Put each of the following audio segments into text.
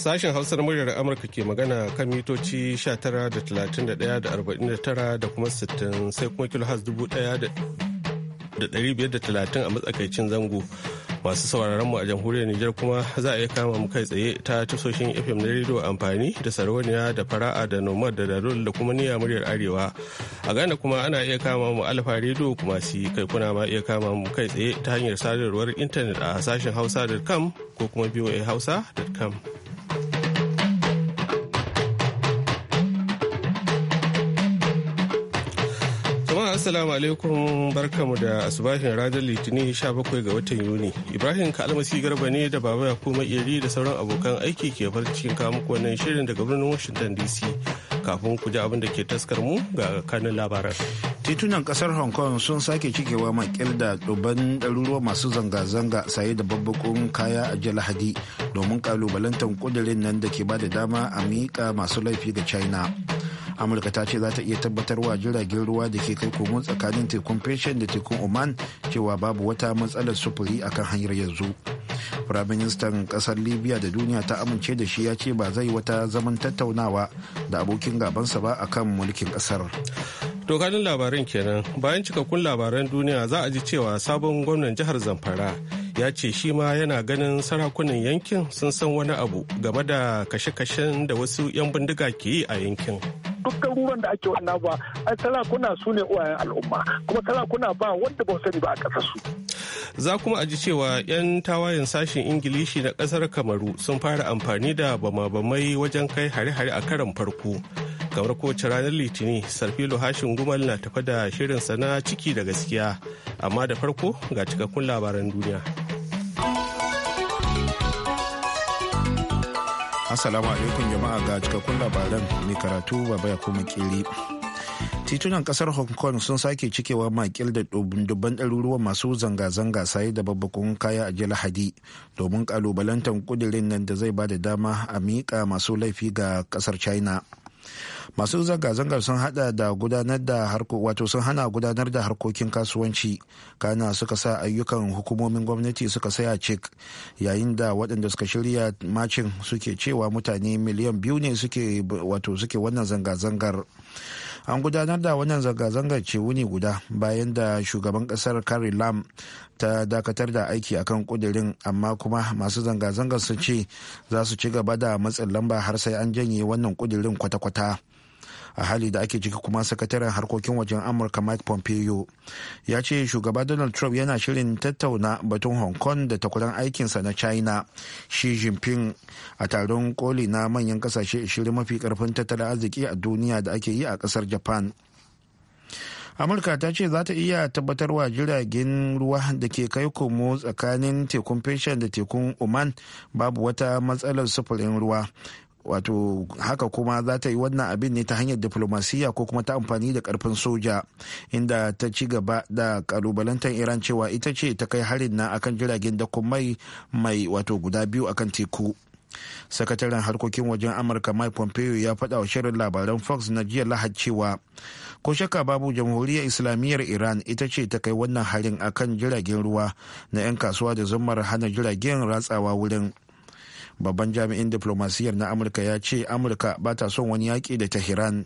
Sashen Hausa na muryar Amurka ke magana kan mitoci 19.31.49 da kuma 60 sai kuma kilohaz 1,530 a matsakaicin zango. Masu sauraron mu a jamhuriyar Nijar kuma za a iya kama mu kai tsaye ta tasoshin FM na rediyo amfani da sarauniya da fara'a da nomad da dalol da kuma niyya muryar arewa. A Ghana kuma ana iya kama mu alfa rediyo kuma si kai kuna ma iya kama mu kai tsaye ta hanyar sadarwar intanet a sashen hausa.com ko kuma voahausa.com. hausa.com. Assalamu alaikum barkamu da asubahin ranar litinin 17 ga watan Yuni. Ibrahim Kalmasi Garba ne da Baba Yakubu iri da sauran abokan aiki ke farcikin cikin muku wannan shirin daga birnin Washington DC. Kafin ku ji abin da ke taskar mu ga kanin labaran. Titunan kasar Hong Kong sun sake cikewa makil da dubban ɗaruruwa masu zanga-zanga saye da babbakon kaya a jiya Lahadi domin kalubalantar kudirin nan da ke ba da dama a miƙa masu laifi ga China. amurka ta ce za ta iya wa jiragen ruwa da ke kai komo tsakanin tekun fashion da tekun oman cewa babu wata matsalar sufuri akan hanyar yanzu firaministan kasar libya da duniya ta amince da shi ya ce ba zai wata zaman tattaunawa da abokin gabansa ba akan mulkin kasar dokanin labaran kenan bayan cikakkun labaran duniya za a ji cewa sabon gwamnan jihar zamfara ya ce shi ma yana ganin sarakunan yankin sun san wani abu game da kashe-kashen da wasu 'yan bindiga ke yi a yankin. duk ruwan da ake wannan ba ai sarakuna su ne uwayen al'umma kuma sarakuna ba wanda ba sani ba a ƙasa su za kuma a ji cewa 'yan tawayen sashen ingilishi na ƙasar kamaru sun fara amfani da bama-bamai wajen kai hare-hare a karan farko kamar kowace ranar litinin sarfilo hashin gumal na tafa da shirin sana ciki da gaskiya amma da farko ga cikakkun labaran duniya Assalamu alaikum jama'a ga cikakkun labaran mai karatu baba ya kuma kiri. titunan kasar hong kong sun sake cikewa makil da dubban ɗaruruwan masu zanga-zanga saye da babbakun kaya a jiya lahadi domin kalubalantar kudirin nan da zai ba da dama a miƙa masu laifi ga kasar china masu zanga-zangar sun hada da gudanar da wato sun hana gudanar da harkokin kasuwanci kana suka sa ayyukan hukumomin gwamnati suka saya cik yayin da waɗanda suka shirya macin suke cewa mutane miliyan biyu ne suke wato suke wannan zanga-zangar an gudanar da wannan zanga-zangar ce wuni guda bayan da shugaban kasar kari lam ta dakatar da aiki akan kudirin amma kuma masu zanga-zangar sun ce za su ci gaba da matsin lamba har sai an janye wannan kudirin kwata-kwata a hali da ake ciki kuma sakataren harkokin wajen amurka mike pompeo ya ce shugaba donald trump yana shirin tattauna batun hong kong da takwaran aikinsa na china shi jinping a taron koli na manyan kasashe 20 mafi karfin tattalin arziki a duniya da ake yi a kasar japan amurka ta ce za ta iya tabbatarwa jiragen ruwa da ke kai komo tsakanin tekun fashion da tekun oman babu wata matsalar sufurin ruwa wato haka kuma za ta yi wannan abin ne ta hanyar diplomasiya ko kuma ta amfani da karfin soja inda ta ci gaba da kalubalantar iran cewa ita ce ta kai harin na akan jiragen dakon mai mai wato guda biyu akan teku sakataren harkokin wajen amurka mike pompeo ya faɗa wa shirin labaran fox na jiya lahad cewa ko shakka babu jamhuriyar islamiyyar iran ita ce ta kai wannan harin akan jiragen ruwa na 'yan kasuwa da zumar hana jiragen ratsawa wurin babban jami'in diplomasiyyar na amurka ya ce amurka ba ta son wani yaƙi da tehran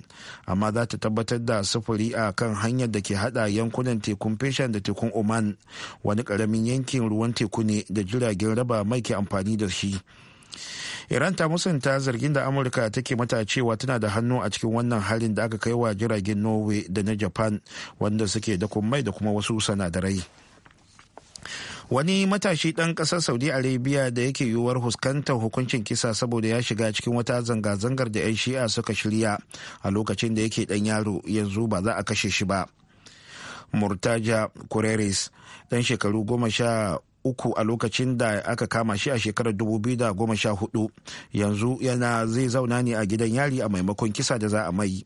amma za ta tabbatar da sufuri a kan hanyar da ke hada yankunan tekun feshan da tekun oman wani karamin yankin ruwan teku ne da jiragen raba mai ke amfani da shi iran ta musanta zargin da amurka take mata cewa tana da hannu a cikin wannan halin da aka kai wa jiragen norway da na japan wanda suke mai da kuma wasu sanadarai wani matashi ɗan ƙasar saudi arabia da yake yiwuwar huskantar hukuncin kisa saboda ya shiga cikin wata zanga-zangar da 'yan shi'a suka shirya a lokacin da yake ɗan yaro yanzu ba za a kashe shi ba murtaja kureris ɗan shekaru goma sha uku a lokacin da aka kama shi a shekarar dubu da 2014 yanzu yana zai zauna ne a gidan yari a maimakon kisa da za a mai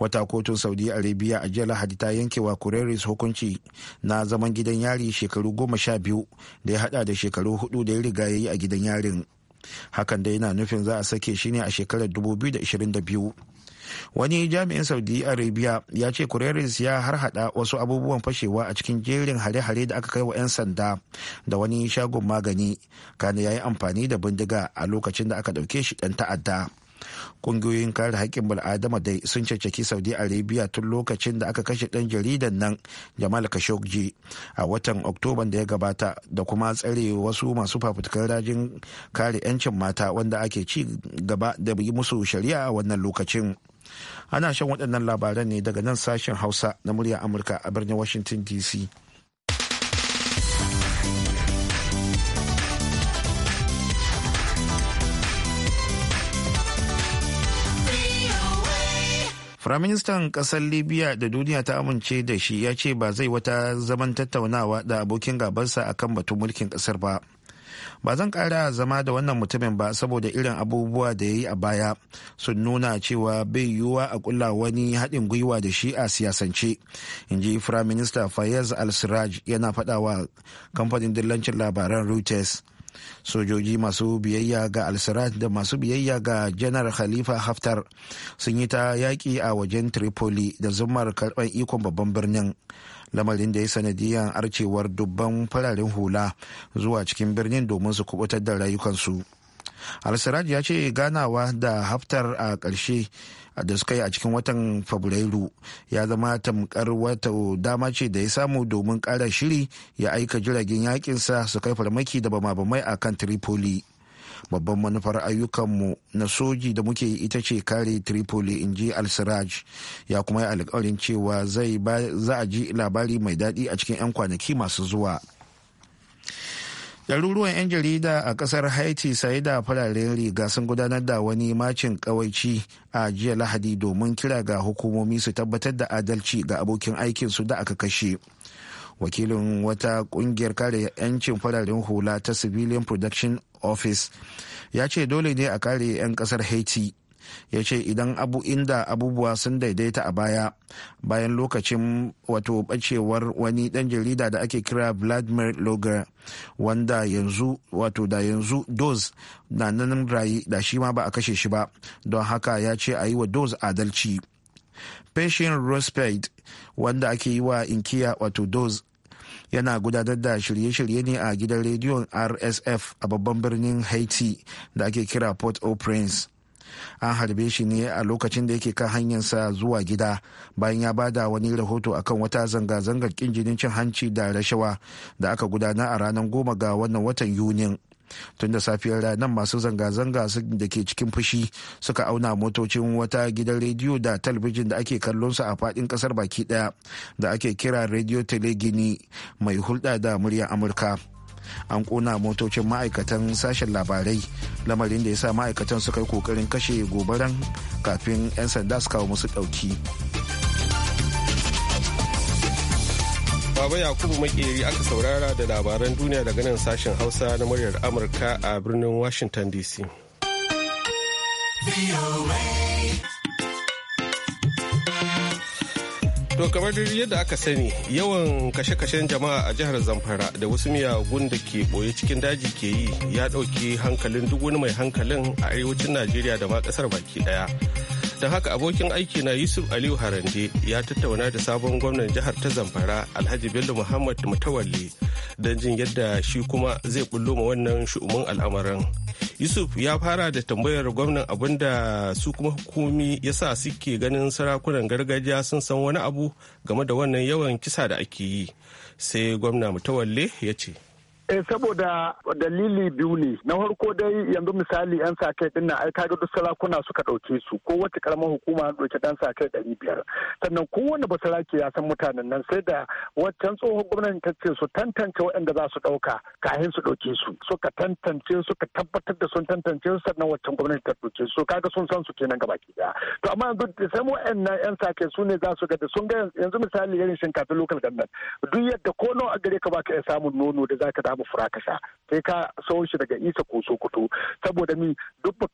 wata kotun saudi arabia a jiya lahadi ta yanke wa kureris hukunci na zaman gidan yari shekaru goma sha biyu da ya hada da shekaru hudu da ya riga ya yi a gidan yarin hakan da yana nufin za a sake shi ne a shekarar 2022 wani jami'in saudi arabia ya ce kureris ya harhaɗa wasu abubuwan fashewa a cikin jerin hare-hare da aka kai wa 'yan sanda da wani shagon magani kana ya yi amfani da bindiga a lokacin da aka dauke shi ɗan ta'adda kungiyoyin kare haƙƙin bil'adama dai sun caccaki saudi arabia tun lokacin da aka kashe ɗan jaridan nan jamal khashoggi a watan oktoban da ya gabata da kuma tsare wasu masu fafutukar rajin kare 'yancin mata wanda ake ci gaba da yi musu shari'a a wannan lokacin ana shan waɗannan labaran ne daga nan sashen hausa na murya amurka a birnin washington dc Firaministan ƙasar Libya da duniya ta amince da shi ya ce ba zai wata zaman tattaunawa da abokin gabansa a kan batun mulkin ƙasar ba. Ba zan ƙara zama da wannan mutumin ba saboda irin abubuwa da ya yi a baya sun nuna cewa bai yiwuwa a ƙulla wani haɗin gwiwa da shi a siyasance, in ji Firaminista Fayez al-Siraj yana faɗawa kamfanin dillancin labaran Reuters. sojoji masu biyayya ga al da masu biyayya ga janar khalifa haftar sun yi ta yaƙi a wajen tripoli da zumar karɓar ikon babban birnin lamarin da ya sanadiyar arcewar dubban fararen hula zuwa cikin birnin domin su kubutar da rayukansu al-siraj ya ce ganawa da haftar a ƙarshe da suka yi a cikin watan fabrairu ya zama tamkar wata dama ce da ya samu domin kara shiri ya aika jiragen yakinsa su kai farmaki da bama-bamai a kan tripoli babban manufar ayyukanmu na soji da muke yi ita ce kare tripoli in ji al-siraj ya kuma yi alkawarin cewa za a ji labari mai daɗi a cikin 'yan kwanaki masu zuwa ɗaruruwan 'yan jarida a ƙasar haiti sai da fararen riga sun gudanar da wani macin kawaici a jiya lahadi domin kira ga hukumomi su tabbatar da adalci ga abokin aikinsu da aka kashe wakilin wata ƙungiyar kare 'yancin fararen hula ta civilian production office ya ce dole ne a kare 'yan ƙasar haiti ya ce idan abu inda abubuwa sun daidaita a baya bayan lokacin wato bacewar wani dan jarida da ake kira vladimir logar wanda yanzu wato da yanzu doz na nan rayu da shi ma ba a kashe shi ba don haka ya ce a yi wa doz adalci Patient Rospate wanda ake yi wa inkiya wato doz yana gudanar da shirye-shirye ne a gidan rediyon rsf a babban birnin haiti da ake kira port au prince an harbe shi ne a lokacin da yake kan hanyar sa zuwa gida bayan ya bada wani rahoto akan wata zanga-zangar kin cin hanci da rashawa da aka gudana a ranar goma ga wannan watan yunin tun da safiyar ranar masu zanga-zanga da ke cikin fushi suka auna motocin wata gidan rediyo da talabijin da ake kallonsa a fadin kasar baki daya da ake kira rediyo telegini mai hulɗa da muryar amurka an kona motocin ma'aikatan sashen labarai lamarin da ya sa ma'aikatan suka yi kokarin kashe gobaran kafin 'yan sanda su kawo musu ɗauki. Baba Yakubu Makeri aka saurara da labaran duniya daga nan sashen Hausa na muryar Amurka a birnin Washington DC. To kamar yadda aka sani yawan kashe-kashen jama'a a jihar Zamfara da wasu miyagun da ke ɓoye cikin daji ke yi ya ɗauki hankalin duk wani mai hankalin a arewacin Najeriya da ma ƙasar baki ɗaya. Don haka abokin aiki na Yusuf Aliyu Harande ya tattauna da sabon gwamnan jihar ta Zamfara Alhaji Bello Muhammad Mutawalli don jin yadda shi kuma zai bullo ma wannan shu'umin al'amarin. yusuf ya fara da tambayar gwamnan abin su kuma hukumi ya sa suke ganin sarakunan gargajiya sun san wani abu game da wannan yawan kisa da ake yi sai gwamna mutawalle ya ce Eh saboda dalili biyu ne. Na farko dai yanzu misali 'yan sa kai din na ai ga duk sarakuna suka ɗauke su ko wata karamar hukuma an ɗauki ɗan sa kai ɗari biyar. Sannan kowane sarake ya san mutanen nan sai da waccan tsohon gwamnati ta ce su tantance waɗanda za su ɗauka kafin su ɗauke su. Suka tantance suka tabbatar da sun tantance su sannan waccan gwamnati ta ɗauke su kaga sun san su kenan gaba ki ɗaya. To amma yanzu da sai waɗannan 'yan sa kai su ne za su ga sun ga yanzu misali irin shinkafa local government duk yadda ko nawa a gare ka baka iya samun nono da zaka babu fura ka sha sai ka so shi daga isa ko sokoto saboda mi duk ba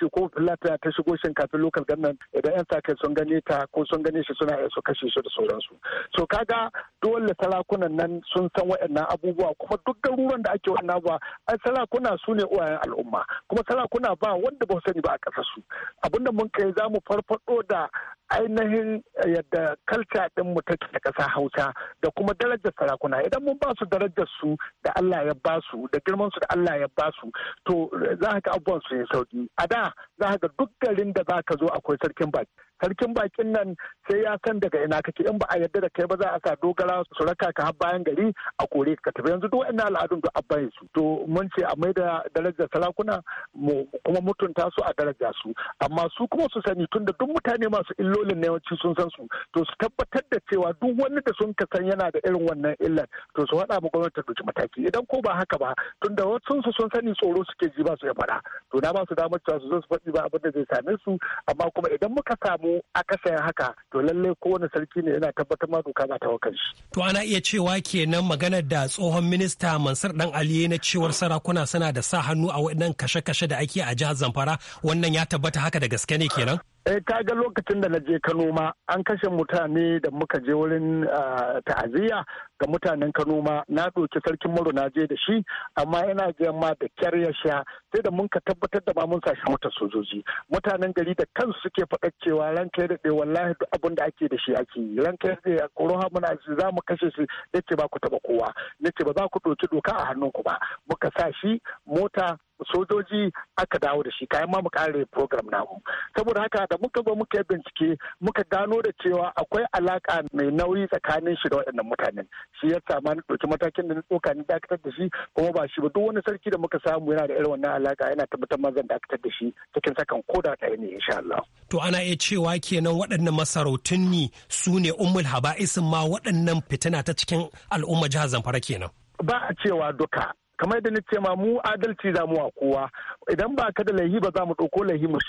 ce ko bafilla ta shigo shin kafin lokal gannan idan yan sa kai sun gane ta ko sun gane shi suna su kashe shi da sauransu so kaga dole sarakunan nan sun san waɗannan abubuwa kuma duk garuruwan da ake waɗannan ba ai sarakuna su ne uwayen al'umma kuma sarakuna ba wanda ba sani ba a ƙasa su abinda mun kai za mu farfado da ainihin eh, yadda kalca ɗin mu take da ƙasa Hausa da kuma darajar sarakuna idan mun ba su darajar su da Allah ya ba su da girman su da Allah ya ba su to za ka abubuwan su yi sauki a da za ka duk garin da za ka zo akwai sarkin baki sarkin bakin nan sai ya san daga ina kake in ba a yarda da kai ba za a sa dogara su raka ka har bayan gari a kore ka tafi yanzu duk wannan al'adun duk abban su to mun ce a maida darajar sarakuna mu kuma mutunta su a daraja su amma su kuma su sani tunda duk mutane masu illolin na yawanci sun san su to su tabbatar da cewa duk wani da sun ka san yana da irin wannan illar to su haɗa mu gwamnati ta mataki idan ko ba haka ba tunda wasu su sun sani tsoro suke ji ba su ya faɗa to na ba su damar cewa su zo su faɗi ba abin da zai same su amma kuma idan muka samu akasarin haka to lallai kowane sarki ne yana tabbatar ma doka za ta wakar shi. To ana iya cewa kenan maganar da tsohon minista Mansur Dan aliye na cewar sarakuna suna da sa hannu a waɗannan kashe-kashe da ake a jihar Zamfara wannan ya tabbata haka da gaske ne kenan? eh ga lokacin da na je Kano ma an kashe mutane da muka je wurin ah, ta'aziyya ga mutanen Kano ma na ɗauki sarkin Moro na je da shi amma ina ga ma da kyar ya sha sai da mun ka tabbatar da ma mun sashi mota sojoji mutanen gari da kansu suke faɗa cewa ranka ya daɗe wallahi duk abin da ake da shi ake yi ranka ya daɗe a muna shi za mu kashe shi yace ba ku taɓa kowa yace ba za ku ɗauki doka a hannunku ba muka sa shi mota sojoji aka dawo da shi kayan ma mu kare program namu saboda haka da muka zo muka yi bincike muka gano da cewa akwai alaka mai nauyi tsakanin shi da waɗannan mutanen shi ya saman na ɗauki matakin da na tsoka ni dakatar da shi kuma ba shi ba duk wani sarki da muka samu yana da irin wannan alaka yana tabbatar ma zan dakatar da shi cikin sakan koda ɗaya ne insha Allah. To ana iya cewa kenan waɗannan masarautun ni su ne ummul haba'isin ma waɗannan fitina ta cikin al'umma jihar Zamfara kenan. Ba a cewa duka kamar da nace ma mu adalci za mu wa kowa idan ba ka da laihi ba za mu ɗauko laihi mu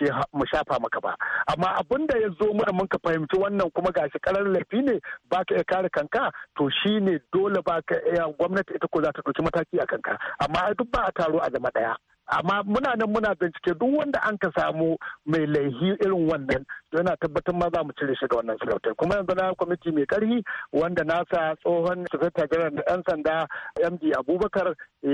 shafa maka ba amma abin da ya zo mana mun ka fahimci wannan kuma gashi karar laifi ne ba ka iya kare kanka to shi ne dole ba ka iya gwamnati ita ko za ta ɗauki mataki a kanka amma duk ba a taro a zama ɗaya. amma muna nan muna bincike duk wanda an ka samu mai laihi irin wannan yana tabbatar ma za mu cire shi ga wannan sarautar kuma yanzu na kwamiti mai karhi wanda nasa tsohon sakata jiran da yan sanda md abubakar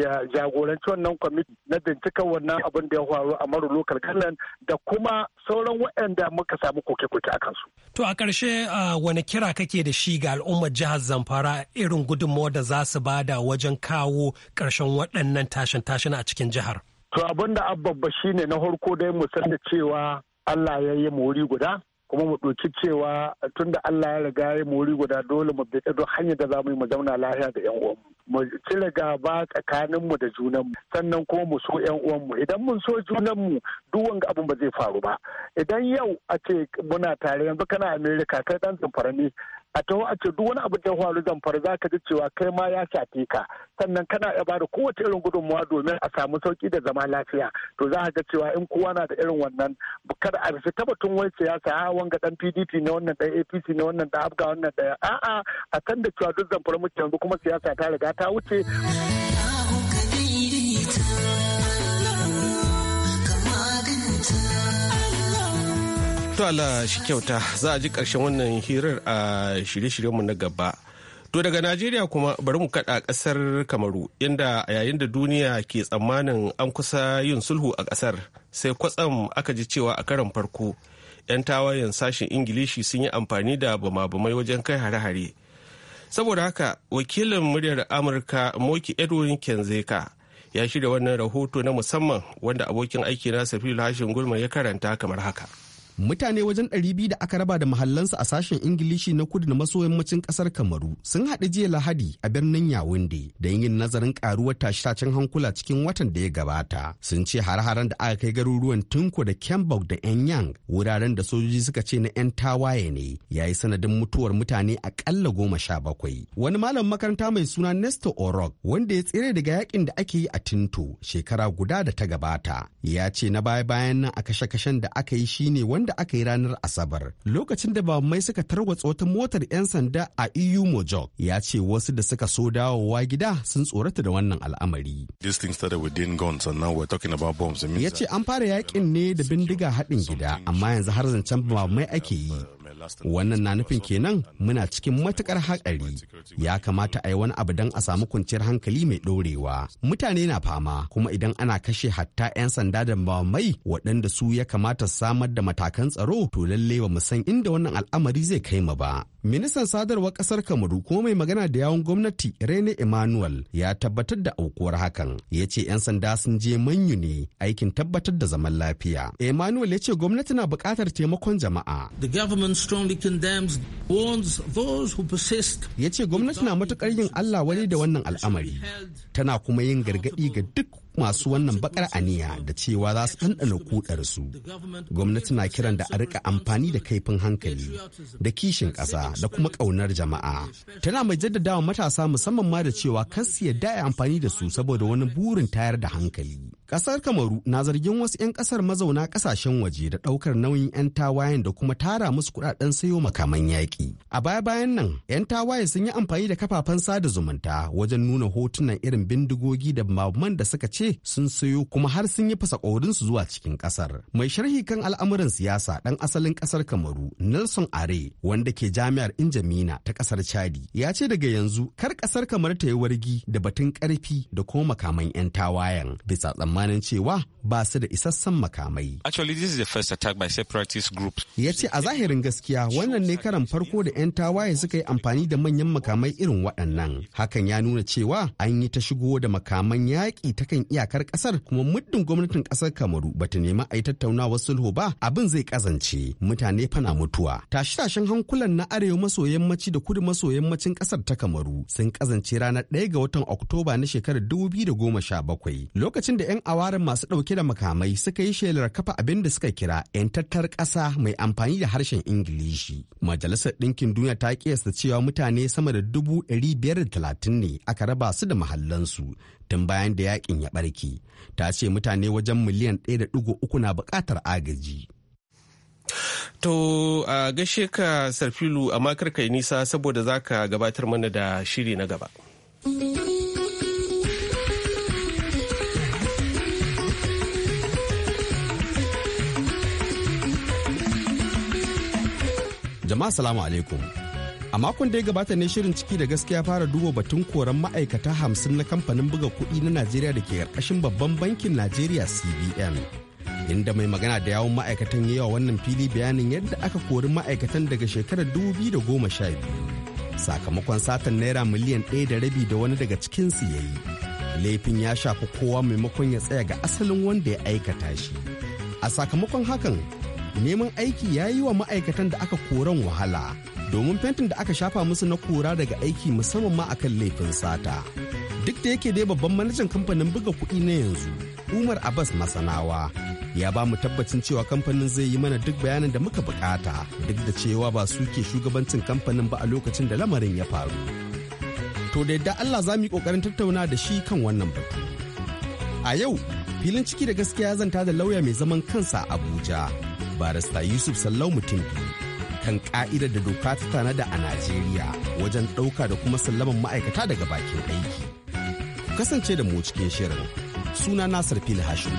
ya jagoranci wannan kwamiti na binciken wannan abin da ya faru a maru lokal kallon da kuma sauran waɗanda muka samu koke-koke a kansu. to a ƙarshe wani kira kake da shi ga al'ummar jihar zamfara irin gudunmawar da za su bada wajen kawo ƙarshen waɗannan tashin-tashin a cikin jihar. To abin da shi shine na harko dai mu san da cewa Allah ya yi wuri guda kuma mu ɗauki cewa tun da Allah ya riga ya wuri guda dole mu bi duk hanyar da za mu yi mu zauna lafiya da 'yan uwanmu. Mu cire gaba mu da junanmu sannan kuma mu so 'yan uwanmu idan mun so junan mu duk wanga abin ba zai faru ba. Idan yau a ce muna tare yanzu kana Amerika kai dan zamfara a taho a ce duk wani abu da faru zamfara za ka ji cewa kai ma ya shafe ka sannan kana iya bada kowace irin gudunmuwa domin a samu sauki da zama lafiya to za a ga cewa in kowa na da irin wannan kada a rufe ta batun wai siyasa a wanga dan PDP ne wannan dan APC ne wannan ɗaya, Abga wannan a'a a kan da cewa duk zamfara muke kuma siyasa ta riga ta wuce. to Allah shi kyauta za a ji karshen wannan hirar a shirye-shiryenmu na gaba. To daga Najeriya kuma bari mu kaɗa ƙasar Kamaru inda a yayin da duniya ke tsammanin an kusa yin sulhu a ƙasar sai kwatsam aka ji cewa a karon farko 'yan tawayen sashen Ingilishi sun yi amfani da bama-bamai wajen kai hare-hare. Saboda haka wakilin muryar Amurka Moki Edwin Kenzeka ya shirya wannan rahoto na musamman wanda abokin aiki na Safiru Hashin Gulma ya karanta kamar haka. mutane wajen ɗari biyu da aka raba da mahallansu a sashen ingilishi na kudu da maso yammacin ƙasar kamaru sun haɗu jiya lahadi a birnin yawunde da yin nazarin karuwar tashe-tashen hankula cikin watan da ya gabata sun ce har-haren da aka kai garuruwan Tinko da kembok da enyang wuraren da sojoji suka ce na 'yan tawaye ne ya yi sanadin mutuwar mutane ƙalla goma sha bakwai wani malam makaranta mai suna nesto orok wanda ya tsere daga yakin da ake yi a tinto shekara guda da ta gabata ya ce na baya-bayan nan a kashe-kashen da aka yi shine wani wanda aka yi ranar Asabar. Lokacin da mai suka tarwatsa wata motar 'yan sanda a iyu e Mojok ya ce wasu da suka so dawowa gida sun tsorata da wannan al'amari. Ya ce an fara yakin ne da bindiga haɗin gida amma yanzu har zancen mai ake yi Wannan na nufin kenan muna cikin matukar hatsari. Ya kamata a yi wani abu don a samu kwanciyar hankali mai ɗorewa. Mutane na fama kuma idan ana kashe hatta 'yan sanda da mai waɗanda su ya kamata samar da matakan tsaro to lalle ba mu san inda wannan al'amari zai kai mu ba. Ministan sadarwar ƙasar Kamaru kuma mai magana da yawon gwamnati Rene Emmanuel ya tabbatar da aukuwar hakan. Ya ce 'yan sanda sun je manyu ne aikin tabbatar da zaman lafiya. Emmanuel ya ce gwamnati na buƙatar taimakon jama'a. The government strongly condemns warns those who persist. Ya ce gwamnati na matuƙar yin Allah wani da wannan al'amari. Tana kuma yin gargaɗi ga duk masu wannan bakar aniya da cewa za su ɗanɗana kudarsu. Gwamnati na kiran da a rika amfani da kaifin hankali da kishin ƙasa da kuma ƙaunar jama'a. Tana mai jaddadawa matasa musamman ma da cewa kar su yarda amfani da su saboda wani burin tayar da hankali. Ƙasar Kamaru na zargin wasu 'yan ƙasar mazauna ƙasashen waje da ɗaukar nauyin 'yan tawayen da kuma tara musu kuɗaɗen sayo makaman yaƙi. A baya-bayan nan, 'yan tawaye sun yi amfani da kafafen sada zumunta wajen nuna hotunan irin bindigogi da maman da suka ce sun sayo kuma har sun yi fasa su zuwa cikin ƙasar. Mai sharhi kan al'amuran siyasa ɗan asalin ƙasar Kamaru, Nelson Are, wanda ke jami'ar Injamina ta ƙasar Chadi, ya ce daga yanzu kar ƙasar Kamaru ta yi wargi da batun ƙarfi da kuma makaman 'yan tawayen bisa tsammani tsammanin cewa ba su da isassan makamai. Ya ce a zahirin gaskiya wannan ne karan farko da 'yan tawaye suka yi amfani da manyan makamai irin waɗannan. Hakan ya nuna cewa an yi ta shigo da makaman yaƙi ta kan iyakar ƙasar kuma muddin gwamnatin ƙasar Kamaru ba ta nemi a yi tattaunawar sulhu ba abin zai kazance mutane fana mutuwa. Tashe-tashen hankulan na arewa maso yammaci da kudu maso yammacin ƙasar ta Kamaru sun kazance ranar 1 ga watan Oktoba na shekarar 2017 lokacin da 'yan awarin masu ɗauke da makamai suka yi shelar kafa abin da suka kira 'yan tattar ƙasa mai amfani da harshen ingilishi majalisar ɗinkin duniya ta kiyasta cewa mutane sama da dubu biyar da talatin ne aka raba su da mahallansu tun bayan da yakin ya ɓarke ta ce mutane wajen miliyan ɗaya da uku na buƙatar agaji To a gaishe ka Sarfilu amma karka nisa saboda za ka gabatar mana da shiri na gaba. Jama'a salamu alaikum. A makon da ya gabata ne shirin ciki da gaskiya fara duba batun koran ma'aikata hamsin na kamfanin buga kuɗi na Najeriya da ke ƙarƙashin babban bankin Najeriya CBN. Inda mai magana da yawon ma'aikatan yawa wannan fili bayanin yadda aka kori ma'aikatan daga shekarar dubu biyu da goma sha biyu. Sakamakon satan naira miliyan ɗaya da rabi da wani daga cikinsu ya yi. Laifin ya shafi kowa maimakon ya tsaya ga asalin wanda ya aikata shi. A sakamakon hakan neman aiki ya yi wa ma'aikatan da aka koran wahala domin fentin da aka shafa musu na kora daga aiki musamman ma akan laifin sata duk da yake dai babban manajan kamfanin buga kuɗi na yanzu umar abbas masanawa ya ba mu tabbacin cewa kamfanin zai yi mana duk bayanin da muka bukata duk da cewa ba su ke shugabancin kamfanin ba a lokacin da lamarin ya faru to da yadda allah za mu yi kokarin tattauna da shi kan wannan batu a yau filin ciki da gaskiya zanta da lauya mai zaman kansa abuja barista yusuf sallau mutum biyu kan ka'idar da doka ta tanada a najeriya wajen ɗauka da kuma sallaman ma'aikata daga bakin aiki kasance da mu cikin shirin suna nasir fili hashin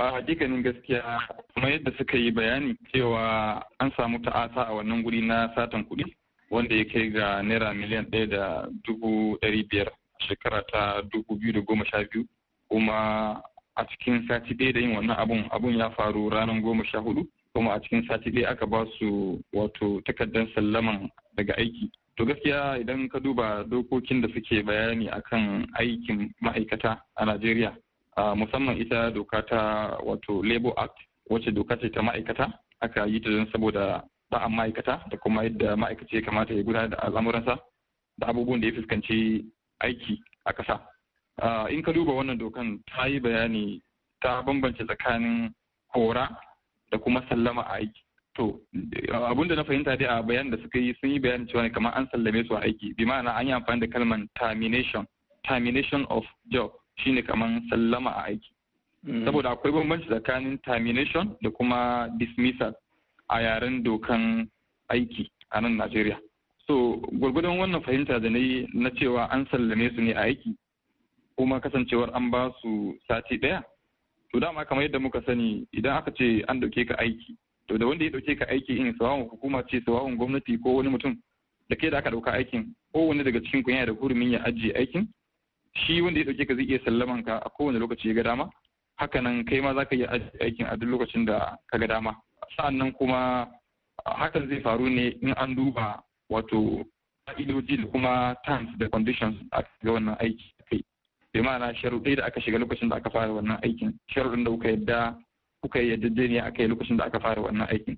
a gaskiya kuma yadda suka yi bayani cewa an samu ta'asa a wannan guri na satan kuɗi wanda ya kai ga naira miliyan ɗaya da dubu ɗari biyar shekara ta dubu biyu da goma sha biyu kuma a cikin sati ɗaya da yin wannan abun abun ya faru ranar goma sha hudu kuma a cikin sati ɗaya aka ba su wato takardar sallaman daga aiki to gaskiya idan ka duba dokokin da suke bayani akan aikin ma'aikata a najeriya musamman ita doka ta wato labor act wacce doka ce ta ma'aikata aka yi ta don saboda ba'an ma'aikata da kuma yadda ma'aikaci ya kamata ya gudanar da al'amuransa da abubuwan da ya fuskanci aiki a ƙasa. Ah, in ka duba wannan dokan ta yi bayani ta bambance tsakanin hora da kuma sallama a aiki. To, abinda na fahimta dai a bayan da suka yi sun yi bayani cewa ne kamar an sallame su a aiki, bi ma'ana an yi amfani da kalman termination, termination of job shine kamar sallama a aiki. Hmm. Saboda akwai bambanci tsakanin termination da kuma dismissal a yaren dokan aiki a nan Najeriya. so gwargwadon wannan fahimta da na yi na cewa an sallame su ne a aiki kuma kasancewar an ba su sati daya to dama kamar yadda muka sani idan aka ce an ɗauke ka aiki to da wanda ya ɗauke ka aiki in sawawan hukuma ce sawawan gwamnati ko wani mutum da ke da aka dauka aikin ko wani daga cikin ku yana da hurumin ya ajiye aikin shi wanda ya ɗauke ka zai iya sallaman ka a kowane lokaci ya ga dama hakanan kai ma za ka iya ajiye aikin a duk lokacin da ka ga dama sa'annan kuma hakan zai faru ne in an duba wato ka'idoji da kuma terms da conditions aka ga wannan aiki kai bi ma'ana sharuɗai da aka shiga lokacin da aka fara wannan aikin sharuɗin da kuka yadda kuka yadda ne aka yi lokacin da aka fara wannan aikin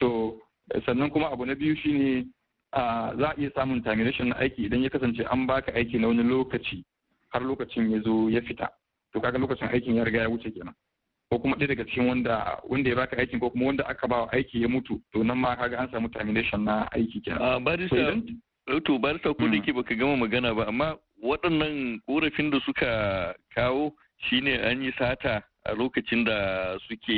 to sannan kuma abu na biyu shine za a iya samun termination na aiki idan ya kasance an baka aiki na wani lokaci har lokacin ya zo ya fita to kaga lokacin aikin ya riga ya wuce kenan ko kuma ɗaya daga cikin wanda wanda ya baka aikin ko kuma wanda aka ba aiki ya mutu to nan ma kaga an samu termination na aiki kenan. Ah, barista eh to barista ko da hmm. ke baka gama magana ba amma waɗannan ƙorafin da suka kawo shine an yi sata a lokacin da suke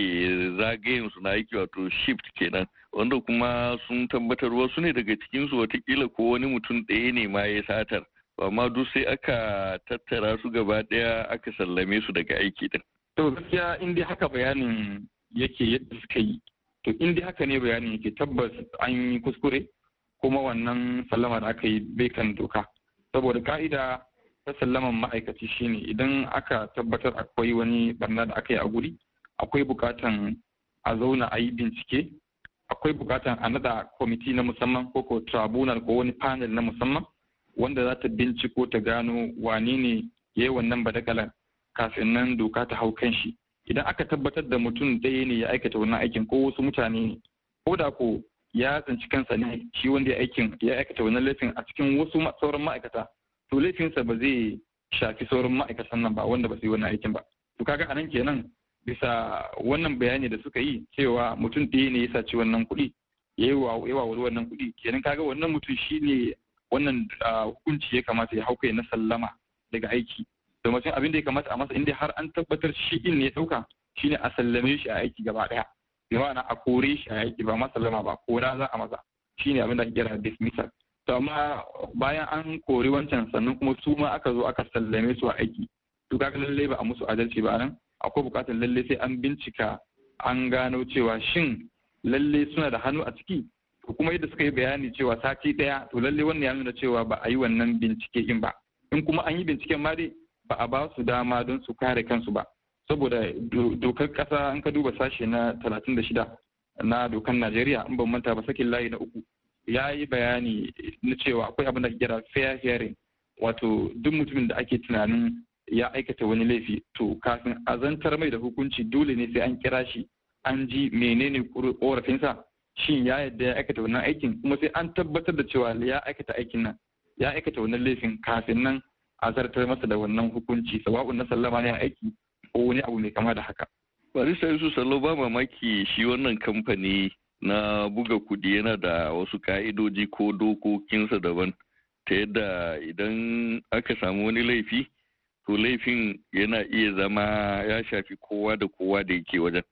zagayen su na aiki wato shift kenan wanda kuma sun tabbatar wasu ne daga cikinsu watakila ko wani mutum ɗaya ne ma ya satar amma duk sai aka tattara su gaba ɗaya aka sallame su daga aiki din to gaskiya in dai haka bayanin yake yadda suka yi to in dai haka ne bayanin yake tabbas an yi kuskure kuma wannan sallama da aka yi bai kan doka saboda ka'ida ta sallaman ma'aikaci shine idan aka tabbatar akwai wani barna da aka yi a guri akwai bukatan a zauna a yi bincike akwai bukatan a nada kwamiti na musamman ko ko tribunal ko wani panel na musamman wanda za ta binciko ta gano wane ne ya yi wannan badagalan kafin nan doka ta hau kan shi idan aka tabbatar da mutum ɗaya ne ya aikata wannan aikin ko wasu mutane ne ko da ko ya tsinci kansa ne shi wanda ya aikin ya aikata wannan laifin a cikin wasu sauran ma'aikata to laifinsa ba zai shafi sauran ma'aikatan nan ba wanda ba su yi wannan aikin ba to kaga anan kenan bisa wannan bayani da suka yi cewa mutum ɗaya ne ya saci wannan kuɗi ya yi wa wannan kuɗi kenan kaga wannan mutum shi ne wannan ah, hukunci ya kamata ya hau kai na sallama daga aiki mutum abin da ya kamata a masa inda har an tabbatar shi in ne dauka shine a sallame shi a aiki gaba daya bi ma'ana a kore shi a aiki ba ma sallama ba ko za a masa shine abin da ake kira dismissal to amma bayan an kori wancan sannan kuma su ma aka zo aka sallame su a aiki to kaga lalle ba a musu adalci ba nan akwai bukatar lalle sai an bincika an gano cewa shin lalle suna da hannu a ciki to kuma yadda suka yi bayani cewa sati daya to lalle wannan ya nuna cewa ba a yi wannan bincike in ba in kuma an yi binciken ma dai ba a ba su dama don su kare kansu ba saboda dokar kasa an ka duba sashe na 36 na dokar Najeriya in ban manta ba sakin layi na uku ya yi bayani na cewa akwai abin da ke kira fair hearing wato duk mutumin da ake tunanin ya aikata wani laifi to kafin a zantar mai da hukunci dole ne sai an kira shi an ji menene korafinsa shin ya yadda ya aikata wannan aikin kuma sai an tabbatar da cewa ya aikata aikin nan ya aikata wannan laifin kafin nan zartar masa da wannan hukunci sawa'un na sallama ne a aiki ko wani abu mai kama da haka. Barista Yusuf Sallo ba mamaki shi wannan kamfani na buga kudi yana da wasu ka'idoji ko dokokinsa daban ta yadda idan aka samu wani laifi to laifin yana iya zama ya shafi kowa da kowa da yake wajen.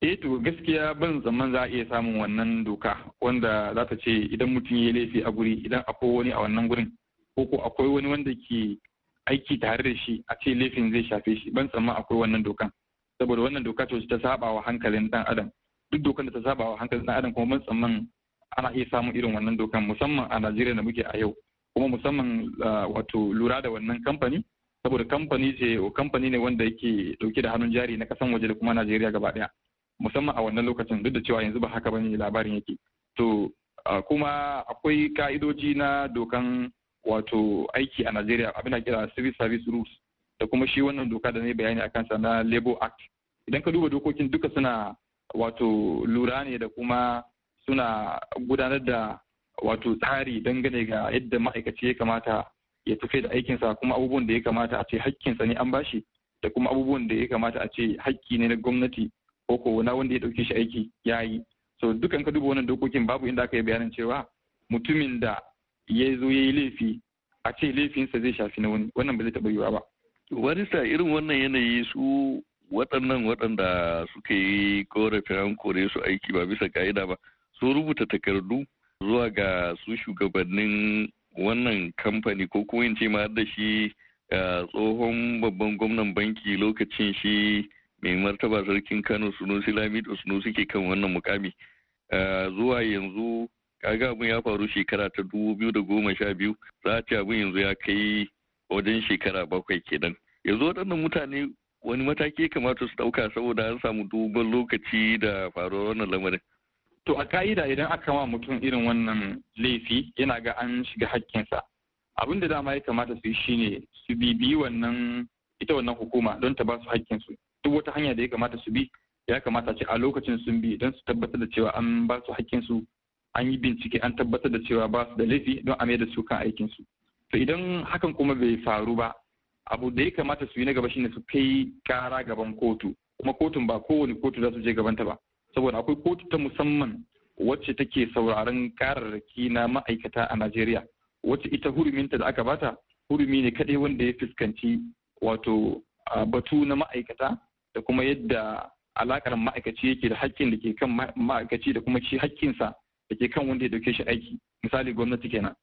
Eh to gaskiya ban zaman za a iya samun wannan doka wanda za ta ce idan mutum ya laifi a guri idan akwai wani a wannan gurin ko ko akwai wani wanda ke aiki tare da shi a ce laifin zai shafe shi ban tsamma akwai wannan dokan saboda wannan doka ce ta saba wa hankalin dan adam duk dokan da ta saba wa hankalin dan adam kuma ban tsamman ana iya samun irin wannan dokan musamman a Najeriya da muke a yau kuma musamman ah, wato lura da wannan kamfani saboda kamfani ce kamfani ne wanda yake dauke da hannun jari na kasan waje da kuma Najeriya gaba daya musamman a wannan lokacin duk da cewa yanzu ba haka bane labarin yake to ah, kuma akwai ka'idoji na dokan wato aiki a Najeriya abin da kira civil service rules da kuma shi wannan doka da ne bayani akan sa na labor act idan ka duba dokokin duka suna wato lura ne da kuma suna gudanar da wato tsari dangane ga yadda ma'aikaci ya kamata ya tafi da aikinsa kuma abubuwan da ya kamata a ce hakkinsa ne an bashi da kuma abubuwan da ya kamata a ce hakki ne na gwamnati ko ko na wanda ya dauke shi aiki ya yi so dukan ka duba wannan dokokin babu inda aka yi bayanin cewa mutumin da ya zo ya yi laifi a ce laifinsa zai shafi na wani wannan ba zai taɓa yiwuwa ba. wani sa irin wannan yanayi su waɗannan waɗanda suka yi korafin an kore su aiki ba bisa ka'ida ba su rubuta takardu zuwa ga su shugabannin wannan kamfani ko kuma in ce ma da shi tsohon babban gwamnan banki lokacin shi mai martaba sarkin kano sunusi lamido sunusi ke kan wannan mukami eh, zuwa yanzu kaga abin ya faru shekara ta dubu biyu da goma sha biyu za a ce abin yanzu ya kai wajen shekara bakwai kenan yanzu waɗannan mutane wani mataki kamata su ɗauka saboda an samu dogon lokaci da faruwar wannan lamarin to a ka'ida idan aka ma mutum irin wannan laifi yana ga an shiga hakkinsa abin da dama ya kamata su yi shine su bibi wannan ita wannan hukuma don ta ba su hakkinsu duk wata hanya da ya kamata su bi ya kamata ce a lokacin sun bi don su tabbatar da cewa an ba su hakkinsu an yi bincike an tabbatar da cewa ba su da laifi don a da su kan aikinsu to idan hakan kuma bai faru ba abu da ya kamata su yi na gaba shine su kai kara gaban kotu kuma kotun ba kowane kotu za su je gabanta ba saboda akwai kotu ta musamman wacce take sauraron kararraki na ma'aikata a Najeriya wacce ita huruminta da aka bata hurumi ne kadai wanda ya fuskanci wato batu na ma'aikata da kuma yadda alakar ma'aikaci yake da hakkin da ke kan ma'aikaci da kuma shi hakkinsa da ke kan wanda ya dauke shi aiki misali gwamnati kenan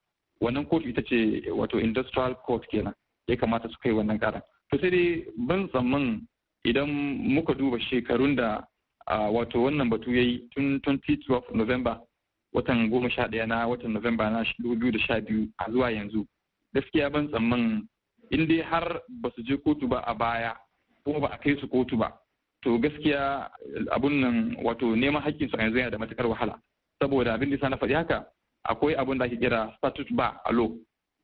wannan kotu ita ce wato industrial court kenan ya kamata su kai wannan karan to sai dai ban tsamman idan muka duba shekarun da wato wannan batu ya yi tun 2012 november watan goma sha daya na watan november na 2012 a zuwa yanzu gaskiya ban tsamman in dai har ba su je kotu ba a baya kuma ba a kai su kotu ba to gaskiya abun nan wato neman hakkin su a yanzu yana da matukar wahala saboda abin da na faɗi haka akwai abin da ake kira statute ba a law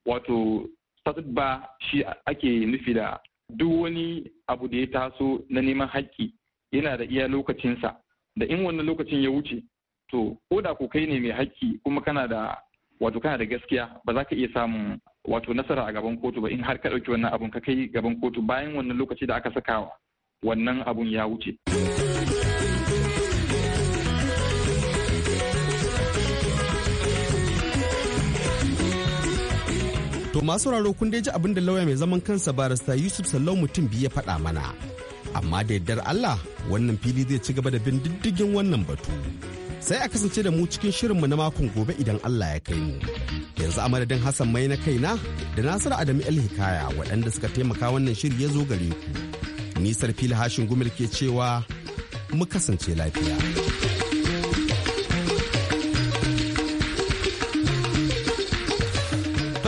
wato statute ba shi ake nufi da duk wani abu da ya taso na neman haƙƙi yana da iya lokacinsa da in wannan lokacin ya wuce to ko da ko kai ne mai haƙƙi kuma kana da wato kana da gaskiya ba za ka iya samun wato nasara a gaban kotu ba in har ka ɗauki wannan abun ka kai gaban kotu bayan wannan lokaci da aka sakawa wannan abun ya wuce. masu sauraro kun dai ji abin da lauya mai zaman kansa barista Yusuf Sallau mutum biyu ya faɗa mana. Amma da yardar Allah wannan fili zai ci gaba da bin diddigin wannan batu. Sai a kasance da mu cikin shirin mu na makon gobe idan Allah ya kai mu. Yanzu a madadin Hassan mai na kai na da Nasiru Adamu El Hikaya waɗanda suka taimaka wannan shiri ya zo gare ku. Nisar fili hashin gumil ke cewa mu kasance lafiya.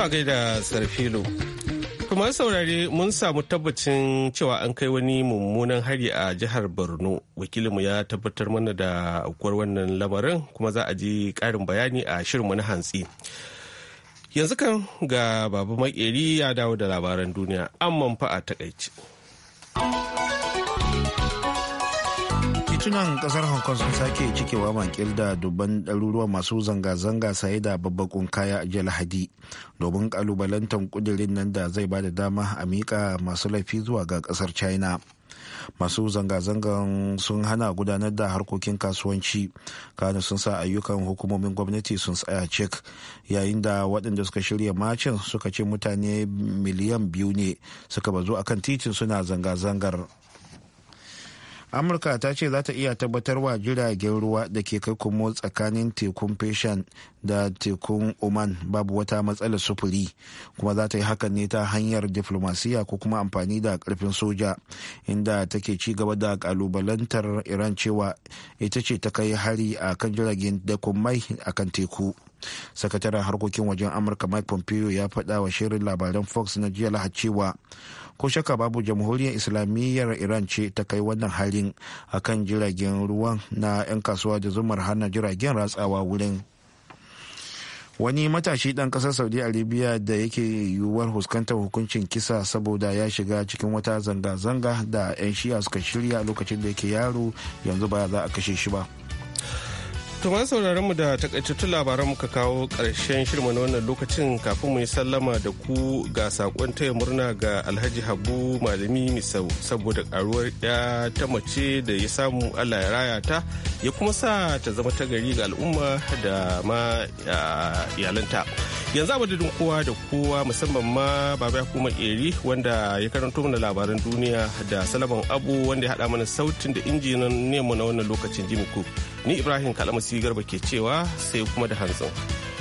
a gaida sarfilo kuma saurare mun samu tabbacin cewa an kai wani mummunan hari a jihar borno wakilinmu ya tabbatar mana da aukuwar wannan lamarin kuma za a ji karin bayani a shirinmu na hantsi yanzu kan ga babu makeri ya dawo da labaran duniya amman fa a takaici. titunan kasar hong kong sun sake cikewa makil da dubban daruruwan masu zanga-zanga saye da babbakun kaya a lahadi domin kalubalantan kudirin nan da zai ba da dama a miƙa masu laifi zuwa ga kasar china masu zanga-zangan sun hana gudanar da harkokin kasuwanci kano sun sa ayyukan hukumomin gwamnati sun tsaya cek yayin da waɗanda suka shirya macin suka ce mutane miliyan biyu ne suka bazu akan titin suna zanga-zangar amurka ta ce za ta iya tabbatar wa jiragen ruwa da ke kai komo tsakanin tekun feshan da tekun oman babu wata matsalar sufuri kuma za ta yi hakan ne ta hanyar diflomasiya ko kuma amfani da karfin soja inda take ci gaba da kalubalantar iran cewa ita ce ta kai hari a kan jiragen da mai a kan teku sakataren harkokin wajen amurka mike pompeo ya faɗa wa shirin labaran fox na jiya lahad ko shakka babu jamhuriyar islamiyyar iran ce ta kai wannan halin akan jiragen ruwan na 'yan kasuwa da zumar hana jiragen ratsawa wurin wani matashi dan kasar saudi arabia da yake yiwuwar huskantar hukuncin kisa saboda ya shiga cikin wata zanga-zanga da 'yan shiya suka shirya lokacin da yake yaro yanzu ba za a kashe shi ba. Tuma sauraron mu da takaitattun labaran muka kawo ƙarshen shirma na wannan lokacin kafin mu yi sallama da ku ga sakon taya murna ga Alhaji Habu Malami Misau saboda karuwar ya ta mace da ya samu Allah ya raya ta ya kuma sa ta zama ta gari ga al'umma da ma iyalanta. Yanzu a kowa da kowa musamman ma Baba ya kuma Eri wanda ya karanto mana labaran duniya da Salaman Abu wanda ya haɗa mana sautin da injinan nemo na wannan lokacin Jimmy Cook. ni ibrahim kalamasi garba ke cewa sai kuma da hanzu.